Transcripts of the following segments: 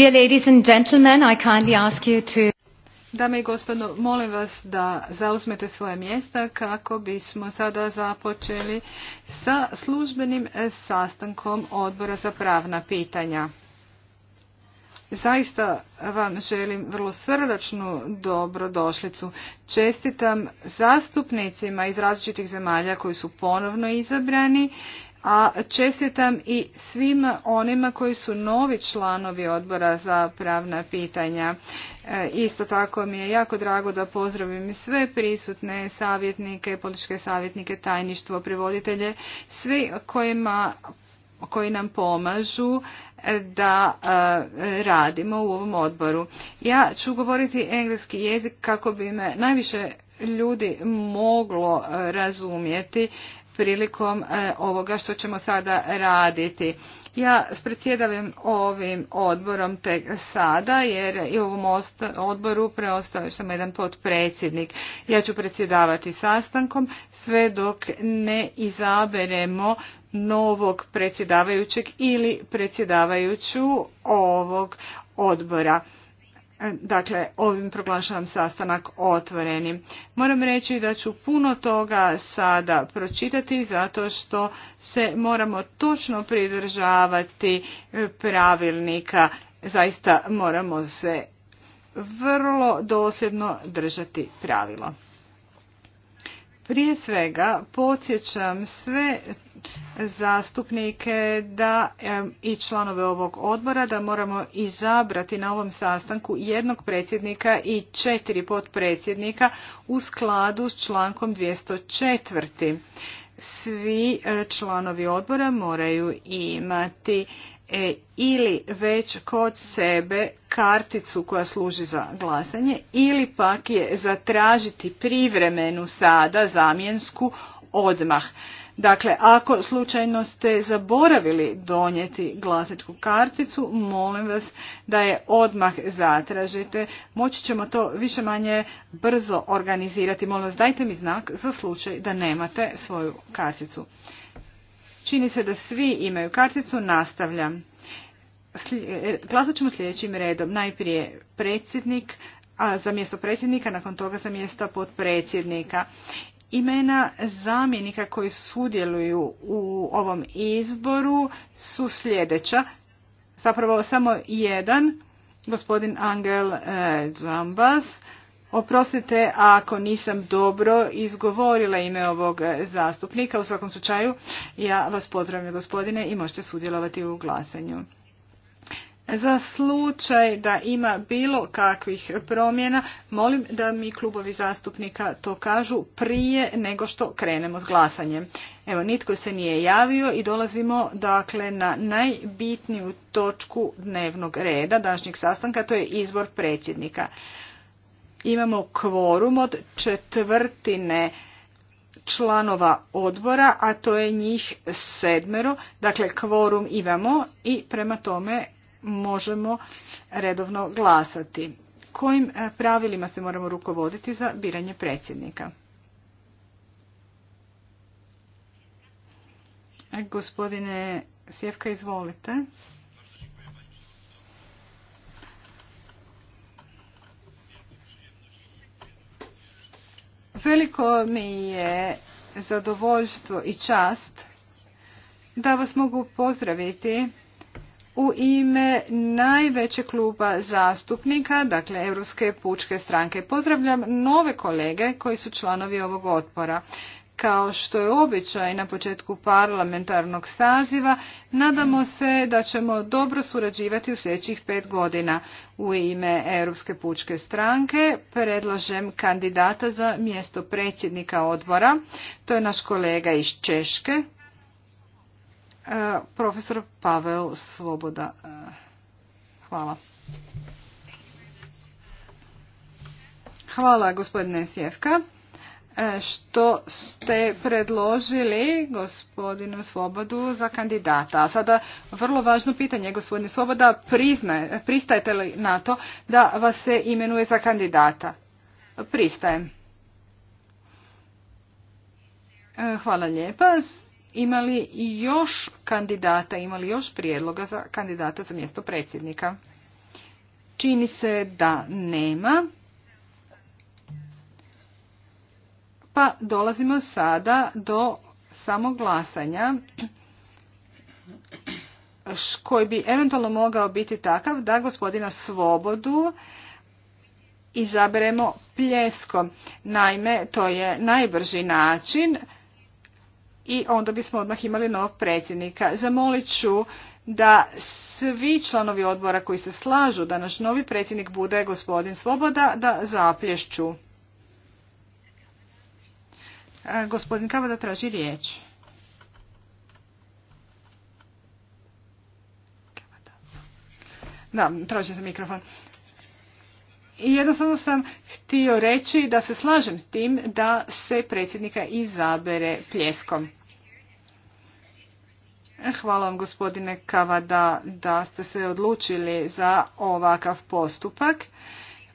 Dear ladies I kindly Dame i gospodo, molim vas da zauzmete svoje mjesta kako bismo sada započeli sa službenim e, sastankom odbora za pravna pitanja. Zaista vam želim vrlo srdačnu dobrodošlicu. Čestitam zastupnicima iz različitih zemalja koji su ponovno izabrani a čestitam i svim onima koji su novi članovi odbora za pravna pitanja. E, isto tako mi je jako drago da pozdravim sve prisutne savjetnike, političke savjetnike, tajništvo, privoditelje, svi kojima koji nam pomažu e, da e, radimo u ovom odboru. Ja ću govoriti engleski jezik kako bi me najviše ljudi moglo razumjeti prilikom e, ovoga što ćemo sada raditi. Ja predsjedavam ovim odborom tek sada jer i u ovom odboru preostao samo jedan potpredsjednik. Ja ću predsjedavati sastankom sve dok ne izaberemo novog predsjedavajućeg ili predsjedavajuću ovog odbora. Dakle, ovim proglašavam sastanak otvorenim. Moram reći da ću puno toga sada pročitati zato što se moramo točno pridržavati e, pravilnika. Zaista moramo se vrlo dosljedno držati pravilo. Prije svega podsjećam sve zastupnike da i članove ovog odbora da moramo izabrati na ovom sastanku jednog predsjednika i četiri potpredsjednika u skladu s člankom 204. Svi e, članovi odbora moraju imati E, ili već kod sebe karticu koja služi za glasanje ili pak je zatražiti privremenu sada zamjensku odmah. Dakle, ako slučajno ste zaboravili donijeti glasačku karticu, molim vas da je odmah zatražite. Moći ćemo to više manje brzo organizirati. Molim vas, dajte mi znak za slučaj da nemate svoju karticu. Čini se da svi imaju karticu, nastavljam. E, glasat ćemo sljedećim redom. Najprije predsjednik, a za mjesto predsjednika, nakon toga za mjesta potpredsjednika. Imena zamjenika koji sudjeluju u ovom izboru su sljedeća. Zapravo samo jedan, gospodin Angel e, Zambas, Oprostite ako nisam dobro izgovorila ime ovog zastupnika. U svakom slučaju ja vas pozdravljam gospodine i možete sudjelovati u glasanju. Za slučaj da ima bilo kakvih promjena, molim da mi klubovi zastupnika to kažu prije nego što krenemo s glasanjem. Evo, nitko se nije javio i dolazimo dakle na najbitniju točku dnevnog reda današnjeg sastanka, to je izbor predsjednika imamo kvorum od četvrtine članova odbora, a to je njih sedmero. Dakle, kvorum imamo i prema tome možemo redovno glasati. Kojim e, pravilima se moramo rukovoditi za biranje predsjednika? E, gospodine Sjevka, izvolite. Veliko mi je zadovoljstvo i čast da vas mogu pozdraviti u ime najvećeg kluba zastupnika, dakle Europske pučke stranke. Pozdravljam nove kolege koji su članovi ovog otpora kao što je običaj na početku parlamentarnog saziva, nadamo se da ćemo dobro surađivati u sljedećih pet godina. U ime Europske pučke stranke predlažem kandidata za mjesto predsjednika odbora. To je naš kolega iz Češke, e, profesor Pavel Svoboda. E, hvala. Hvala gospodine Sjevka. E, što ste predložili gospodinu Svobodu za kandidata. A sada vrlo važno pitanje, gospodine Svoboda, priznaje, pristajete li na to da vas se imenuje za kandidata? Pristajem. E, hvala lijepa. Ima li još kandidata, ima li još prijedloga za kandidata za mjesto predsjednika? Čini se da nema. Pa dolazimo sada do samog glasanja koji bi eventualno mogao biti takav da gospodina Svobodu izaberemo pljeskom. Naime, to je najbrži način i onda bismo odmah imali novog predsjednika. Zamolit ću da svi članovi odbora koji se slažu da naš novi predsjednik bude gospodin Svoboda da zaplješću. Gospodin Kavada traži riječ. Da, tražio mikrofon. I jednostavno sam htio reći da se slažem s tim da se predsjednika izabere pljeskom. Hvala vam gospodine Kavada da ste se odlučili za ovakav postupak.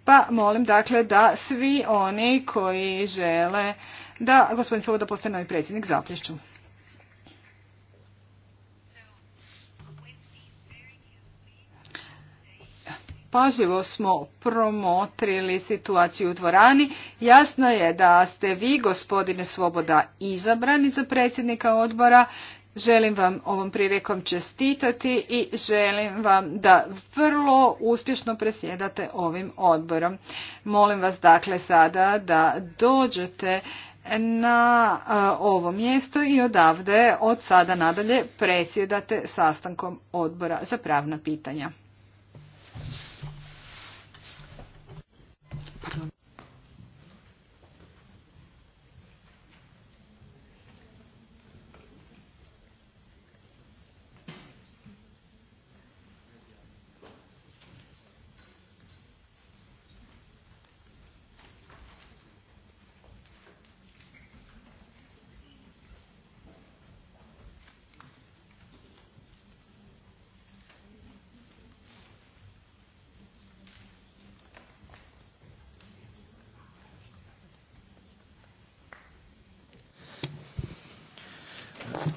Pa molim dakle da svi oni koji žele da gospodin Svoboda postane novi predsjednik. Zaplješću. pažljivo smo promotrili situaciju u dvorani. Jasno je da ste vi, gospodine Svoboda, izabrani za predsjednika odbora. Želim vam ovom prilikom čestitati i želim vam da vrlo uspješno presjedate ovim odborom. Molim vas dakle sada da dođete na ovo mjesto i odavde od sada nadalje predsjedate sastankom odbora za pravna pitanja.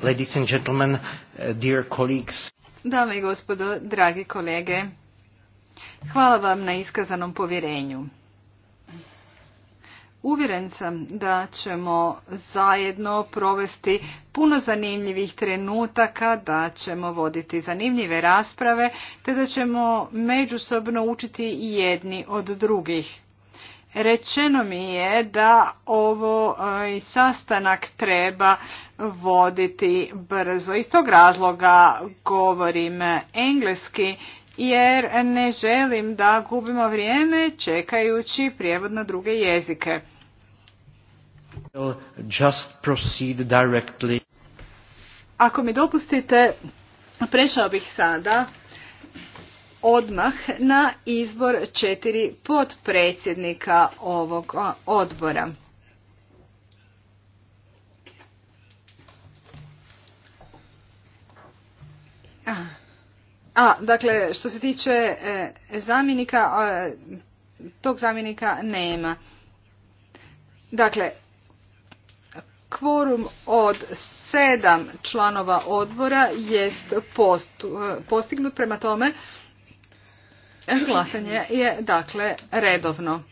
Ladies and gentlemen, uh, dear colleagues. Dame i gospodo, dragi kolege, hvala vam na iskazanom povjerenju. Uvjeren sam da ćemo zajedno provesti puno zanimljivih trenutaka, da ćemo voditi zanimljive rasprave, te da ćemo međusobno učiti jedni od drugih. Rečeno mi je da ovo e, sastanak treba voditi brzo. Iz tog razloga govorim engleski jer ne želim da gubimo vrijeme čekajući prijevod na druge jezike. Ako mi dopustite, prešao bih sada odmah na izbor četiri potpredsjednika ovog odbora. A, dakle, što se tiče e, zamjenika, tog zamjenika nema. Dakle, kvorum od sedam članova odbora jest e, postignut prema tome Glasanje je dakle redovno.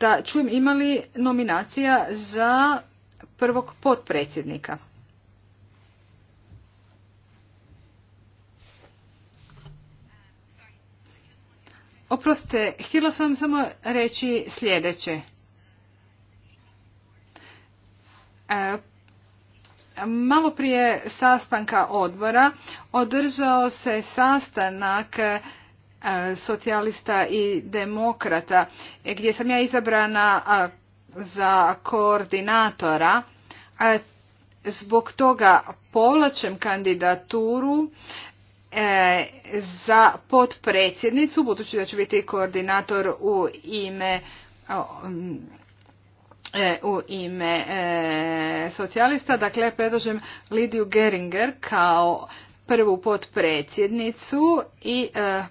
Da čujem imali nominacija za prvog potpredsjednika. Oprostite, htjela sam samo reći sljedeće. E, Malo prije sastanka odbora održao se sastanak e, socijalista i demokrata gdje sam ja izabrana za koordinatora. Zbog toga povlačem kandidaturu e, za potpredsjednicu, budući da ću biti koordinator u ime E, u ime e, socijalista. Dakle, predlažem Lidiju Geringer kao prvu potpredsjednicu i e,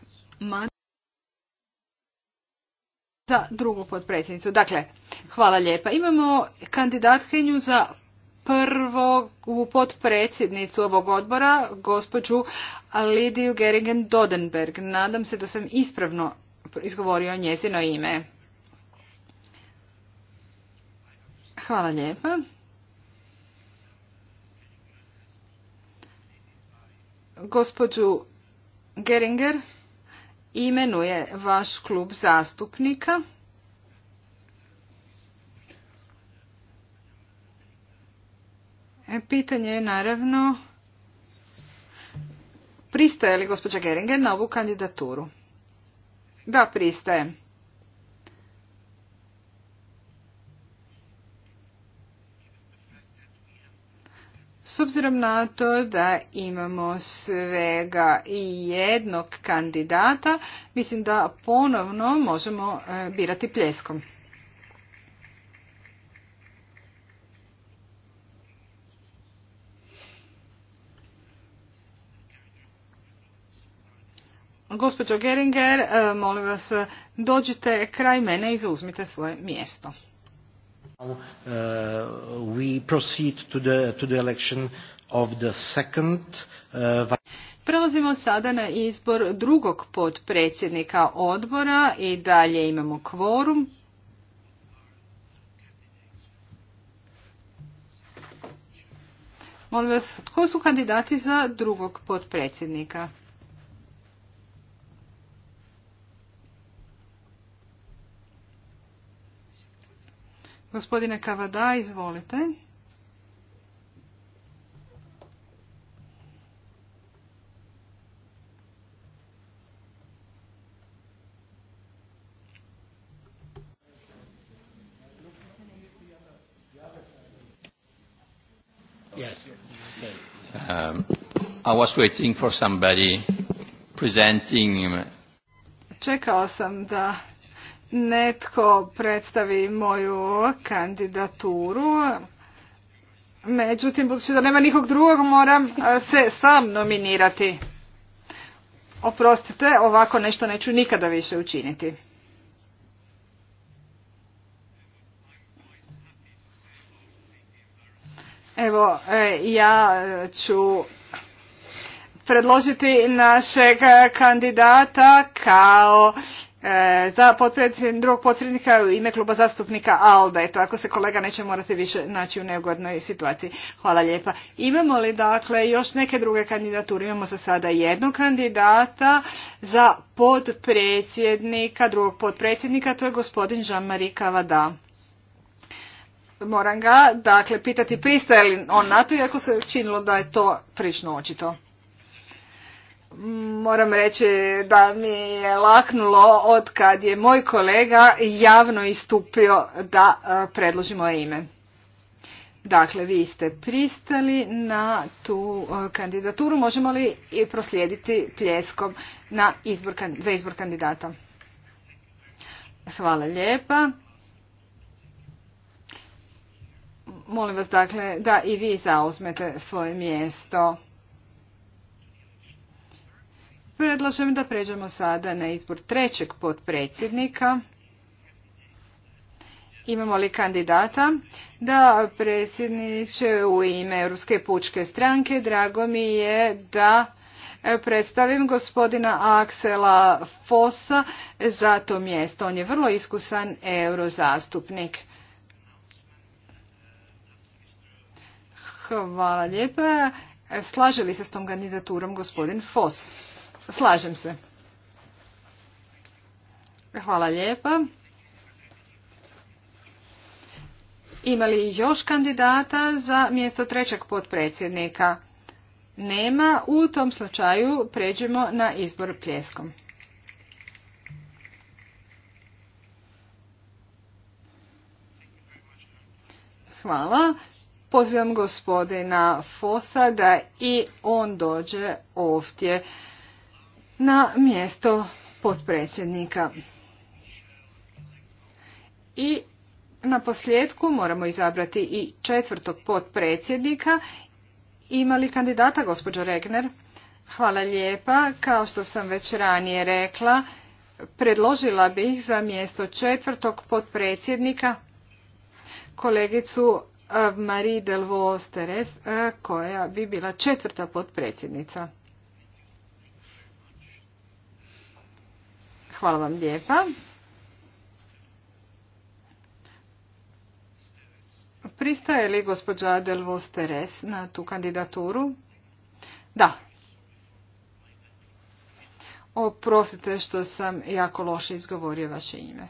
za drugu potpredsjednicu. Dakle, hvala lijepa. Imamo kandidatkinju za prvu potpredsjednicu ovog odbora, gospođu Lidiju Geringen Dodenberg. Nadam se da sam ispravno izgovorio njezino ime. Hvala lijepa. Gospođu Geringer imenuje vaš klub zastupnika. E, pitanje je naravno pristaje li gospođa Geringer na ovu kandidaturu? Da, pristaje. S obzirom na to da imamo svega i jednog kandidata, mislim da ponovno možemo e, birati pljeskom. Gospođo Geringer, e, molim vas, dođite kraj mene i zauzmite svoje mjesto. Uh, we proceed to the, to the election of the second uh, Prelazimo sada na izbor drugog podpredsjednika odbora i dalje imamo kvorum. Molim vas, tko su kandidati za drugog podpredsjednika? Gospodine Kavada, izvolite. Yes. Um, I was waiting for somebody presenting. Čekao sam da netko predstavi moju kandidaturu. Međutim, budući da nema nikog drugog, moram e, se sam nominirati. Oprostite, ovako nešto neću nikada više učiniti. Evo, e, ja ću predložiti našeg kandidata kao E, za potpredsjednik, drugog potpredsjednika u ime kluba zastupnika ALDE. Tako se kolega neće morati više naći u neugodnoj situaciji. Hvala lijepa. Imamo li dakle još neke druge kandidature? Imamo za sada jednog kandidata za potpredsjednika, drugog potpredsjednika, to je gospodin Jean-Marie Cavada. Moram ga, dakle, pitati pristaje li on na to, iako se činilo da je to prično očito. Moram reći da mi je laknulo od kad je moj kolega javno istupio da e, predloži moje ime. Dakle, vi ste pristali na tu e, kandidaturu. Možemo li i proslijediti pljeskom na za izbor kandidata? Hvala lijepa. Molim vas dakle da i vi zauzmete svoje mjesto. Predlažem da pređemo sada na izbor trećeg potpredsjednika. Imamo li kandidata? Da, predsjedniče u ime Europske pučke stranke. Drago mi je da predstavim gospodina Aksela Fosa za to mjesto. On je vrlo iskusan eurozastupnik. Hvala lijepa. Slaže li se s tom kandidaturom gospodin Fos? Slažem se. Hvala lijepa. Ima li još kandidata za mjesto trećeg potpredsjednika? Nema. U tom slučaju pređemo na izbor pljeskom. Hvala. Pozivam gospodina Fosa da i on dođe ovdje na mjesto potpredsjednika. I na posljedku moramo izabrati i četvrtog potpredsjednika. Ima li kandidata, gospođo Regner? Hvala lijepa. Kao što sam već ranije rekla, predložila bih za mjesto četvrtog potpredsjednika kolegicu eh, Marie Delvaux steres eh, koja bi bila četvrta potpredsjednica. Hvala vam lijepa. Pristaje li gospođa Delvos Teres na tu kandidaturu? Da. Oprostite što sam jako loše izgovorio vaše ime.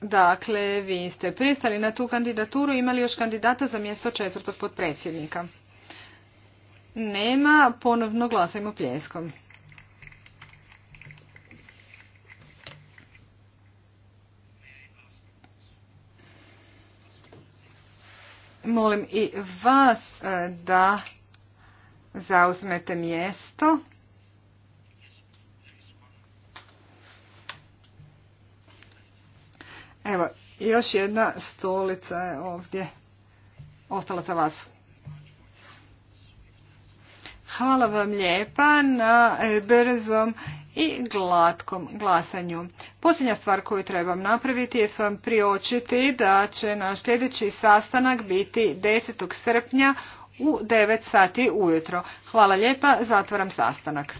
Dakle, vi ste pristali na tu kandidaturu, imali još kandidata za mjesto četvrtog potpredsjednika. Nema, ponovno glasajmo pljeskom. molim i vas e, da zauzmete mjesto. Evo, još jedna stolica je ovdje ostala za vas. Hvala vam lijepa na e, brzom i glatkom glasanju. Posljednja stvar koju trebam napraviti je vam priočiti da će naš sljedeći sastanak biti 10. srpnja u 9 sati ujutro. Hvala lijepa, zatvaram sastanak.